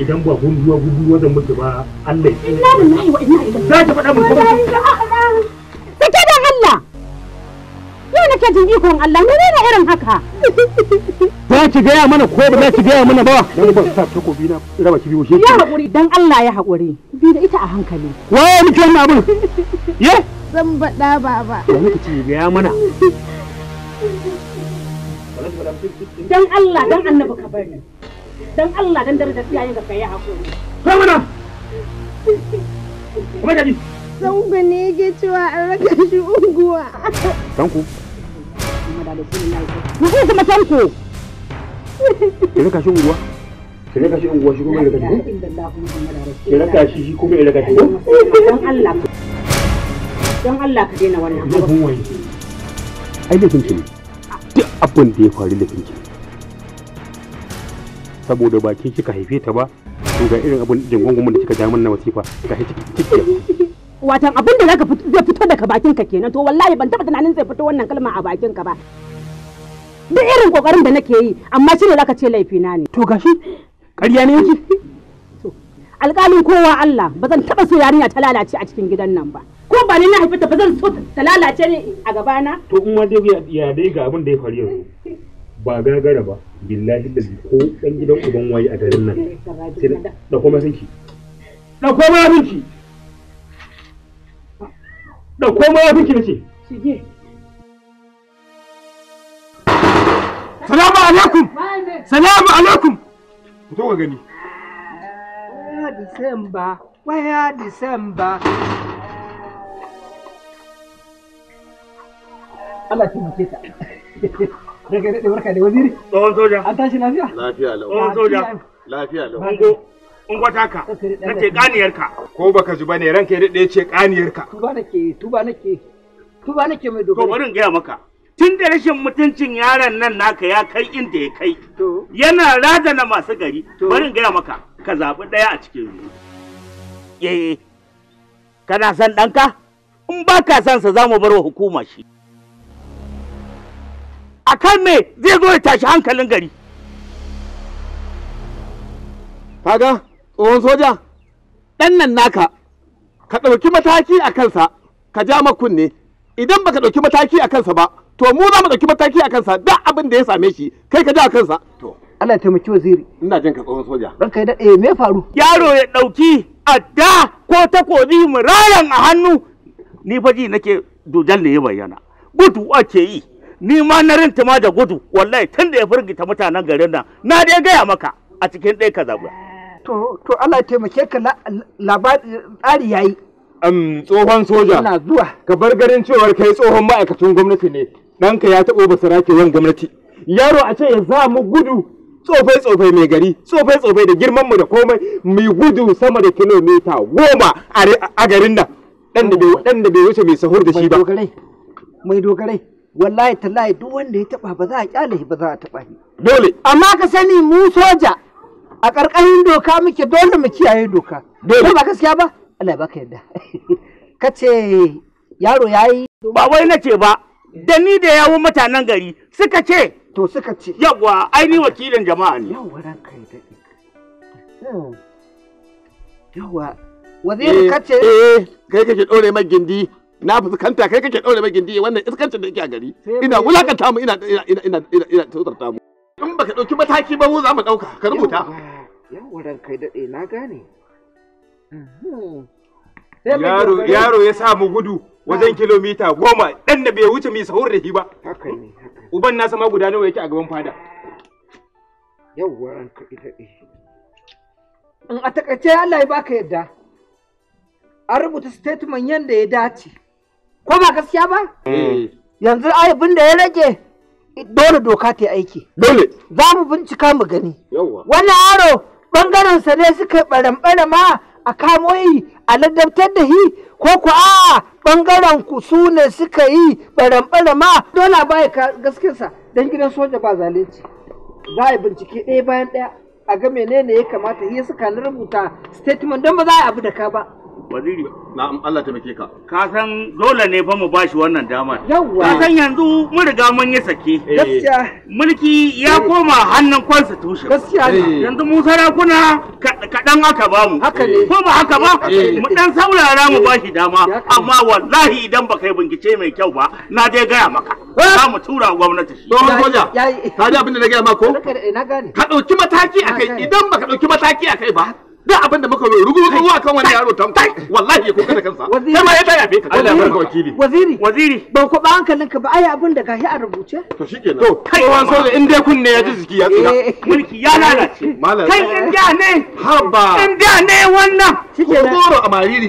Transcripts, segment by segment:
idan ba gunduwa gunduwa zan muke ba Allah ya inna lillahi wa inna ilaihi za ta faɗa mun kuma sake da Allah yau nake jin ikon Allah ne ne irin haka za ki gaya mana ko ba za ki gaya mana ba dan ba sa takobi na raba ki biyo shi ya hakuri dan Allah ya haƙuri. bi da ita a hankali waye muke wannan abin ye zan faɗa baba wani kici gaya mana dan Allah dan annabi ka bari dan Allah dan darajar iyayen ka kai hakuri kai mana kuma da ji sauka ne yake cewa an raka shi unguwa tanku kuma da shi ne ku kuma tanku ki raka shi unguwa ki raka shi unguwa shi kuma raka shi ki raka shi shi kuma raka shi dan Allah dan Allah ka daina wannan abu ai da kinki duk abin da ya faru da kinki saboda ba ki kika haife ta ba to ga irin abin jingungumin da kika ja mun na wasifa ga shi ciki watan abin da zaka zai fito daga bakin ka kenan to wallahi ban taba tunanin zai fito wannan kalma a bakin ka ba duk irin kokarin da nake yi amma shine zaka ce laifi na ne to gashi ƙarya ne yake alƙalin kowa Allah ba zan taba so yarinya ta lalace a cikin gidan nan ba ko ba ni na haifi ta ba zan so ta lalace ne a gabana to in ma dai ya dai ga abin da ya faru yanzu ba gagara ba billahi da ko dan gidan uban waye a garin nan sai da kuma sinki da kuma da kuma nace salamu alaikum salamu alaikum gani Disamba, waya Disamba. Allah ta muke ka. daga daɗe barka da waziri tsohon soja an tashi lafiya lafiya lau tsohon soja lafiya lau ungo ungo taka nace kaniyarka ko baka ji bane ranka ya daɗe ce kaniyarka tuba nake tuba nake tuba nake mai dogaro to bari in gaya maka tun da rashin mutuncin yaron nan naka ya kai inda ya kai yana radana masu gari bari in gaya maka ka zaɓi ɗaya a cikin biyu eh, eh kana son ɗanka in ba ka son sa za mu bar wa hukuma shi kan me zai zo ya tashi hankalin gari kaga tsohon soja ɗan nan naka ka ɗauki mataki a kansa ka ja makunne, idan baka ɗauki mataki a kansa ba to mu za mu ɗauki mataki a kansa da abin da ya same shi kai ka ja a kansa to Allah ya taimaki waziri ina jin ka tsohon soja ranka ya daɗe me faru yaro ya ɗauki adda ko takobi murayan a hannu ni fa ji nake dujan ne ya bayyana gudu ake yi ni ma na rinta ma da gudu wallahi tun da ya firgita mutanen garin nan na dai gaya maka a cikin ɗaya ka zaɓa. To, to Allah taimake ka labari tsari yayi. yi. tsohon soja. Ina zuwa. Ka bar garin cewar kai tsohon ma'aikacin gwamnati ne. Ɗanka ya taɓo ba ke yan gwamnati. Yaro a ce ya za mu gudu tsofai tsofai mai gari tsofai tsofai da girman mu da komai mu gudu sama da kilomita goma a garin nan. Dan da bai wuce mai sahur da shi ba. Mai dogarai. wallahi tallahi duk wanda ya taba ba za a kyale shi ba za a taba shi dole amma ka sani mu soja a ƙarƙashin doka muke dole mu kiyaye doka dole ba gaskiya ba Allah baka yarda ka ce yaro yayi ba wai nace ba da ni da yawo mutanen gari suka ce to suka ce yawa ai ni wakilin jama'a ne yawa ranka ya dade hmm. yawa wazir eh, ka ce eh, eh kai kake dore magindi na fuskanta kai kake daure mai gindi wannan iskancin da yake a gari ina wulakanta mu ina ina ina ina ina tsotsarta mu in baka dauki mataki ba mu za mu dauka ka rubuta yawa ran kai dade na gane mhm. yaro yaro ya sa mu gudu wajen kilomita goma dan da bai wuce mai sahur da shi ba haka ne uban nasa ma guda nawa yake a gaban fada yawa ran kai dade in a takaice Allah ya baka yadda an rubuta statement yadda ya dace ko ba gaskiya ba eh. yanzu abin da ya rage dole doka ta aiki dole za mu bincika mu gani wannan yaro bangaren sa ne suka barambara ma a kamo yi a ladabtar da hi ko ku a bangaren ku su ne suka yi barambara ma dole a baya gaskiyarsa don gidan soja ba zalunci za a bincike ɗaya bayan ɗaya a ga menene ya kamata yi suka rubuta statement don ba za a abu da ka ba waziri na'am Allah ta ka ka san dole ne fa mu bashi wannan damar ka san yanzu mun riga mun yi sake eh. gaskiya mulki ya eh. koma hannun constitution gaskiya eh. yanzu mu sarakuna kaɗan aka ba mu ko ba haka ba mu dan saurara mu bashi dama amma wallahi idan ba kai bincike mai kyau ba na dai gaya maka za mu tura gwamnati shi don soja ka ji abin da na gaya mako ka ɗauki mataki a kai idan ba ka ɗauki mataki a kai ba da abin da muka yi rugu rugu a kan wani yaro tanko wallahi ya kuka da kansa kai ma ya ta yabe ka Allah ya wakili waziri waziri ban ku ba hankalinka ba ai abin da gashi a rubuce to shikenan to kai wan so da inda kunne ya ji jiki ya tsira eh. mulki ya lalace kai inda ne haba inda ne wannan shike na goro a mariri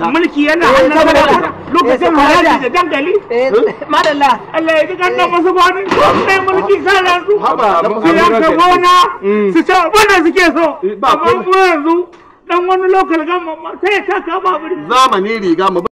ya mulki yana eh, hannun lokacin eh, haraji da dangali eh, madalla Allah ya bani mulki su su gona mm. su suke so amma yanzu dan wani lokal gama sai ya zamani riga mu